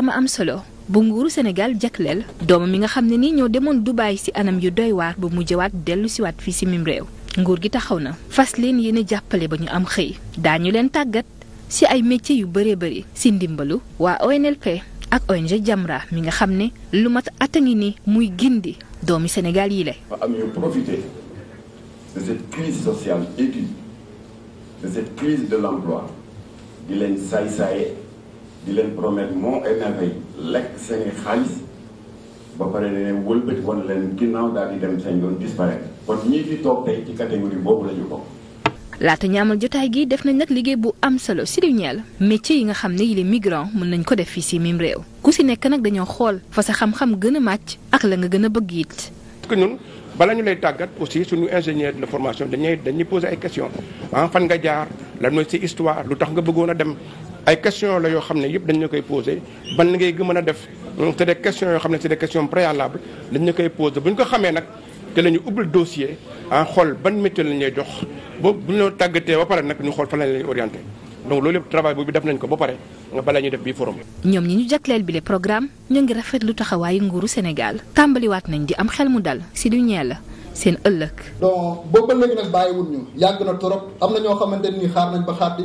ama am solo bu nguuru Sénégal jagleel doomam mi nga xam ne ni ñoo demoon Dubaay ci anam yu doy waar ba mujjewaat dellu siwaat fii ci mim réew nguur gi taxaw na fas leen yéene jàppale ba ñu am xëy daañu leen tàggat ci ay métiers yu bëree bëri ci ndimbalu waa ONLP ak ONG Jamra mi nga xam ne lu ma at a ngi ni muy gindi doomi Sénégal yi la. di leen promettre moo ay merveille lekk seen xaalis ba pare leen wëlbati woon leen ginnaaw daal di dem seen yoon disparaître kon ñii fi toog tey ci catégorie boobu la ñu laata ñaamal jotaay gi def nañ nag liggéey bu am solo si lu ñeel yi nga xam ne yi les migrants mën nañ ko def fii si mim réew ku si nekk nag dañoo xool fa sa xam-xam gën a màcc ak la nga gën a bëgg it. parce que ñun bala ñu lay tàggat aussi suñu ingénieur de formation dañuy dañuy poser ay questions ah fan nga jaar lan mooy sa histoire lu tax nga bëggoon a dem ay question la yoo xam ne yëpp dañ la koy posé ban ngay mën a def c'est mm, des questions yoo xam ne c'est des questions préalables dañ la koy posé bu ñu ko xamee nag te la ñu ubbil dossier en ah, xool ban métier lañ lay jox ba bu ñu la tàggatee ba pare nag ñu xool fan lañ lay orienté donc loolu yëpp travail boobu def nañ ko ba pare nga bala ñuy def bii forum. ñoom ñi ñu jagleel bile programme ñu ngi rafet lu taxawaayu nguuru Sénégal tàmbaliwaat nañ di am xel mu dal si du ñeel la seen ëllëg. donc boobu ba léegi nag na trop am na ñoo xamante ni xaar nañ ba xaar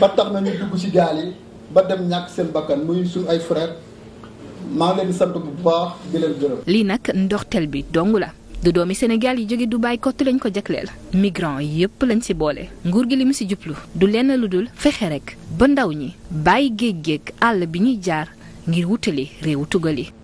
ba tax na ci gaal yi ba dem ñàkk seen bakkan muy suñu ay frère maa leen sant bu baax di leen gërëm. nag ndorteel bi dong la. du doomi Sénégal yi jóge Dubaï kott lañ ko jagleel migrant yépp lañ ci boole nguur gi li mu ci jublu du lenn lu dul fexe rekk ba ndaw ñi bàyyi géej géej àll bi ñuy jaar ngir wutali réew tugal yi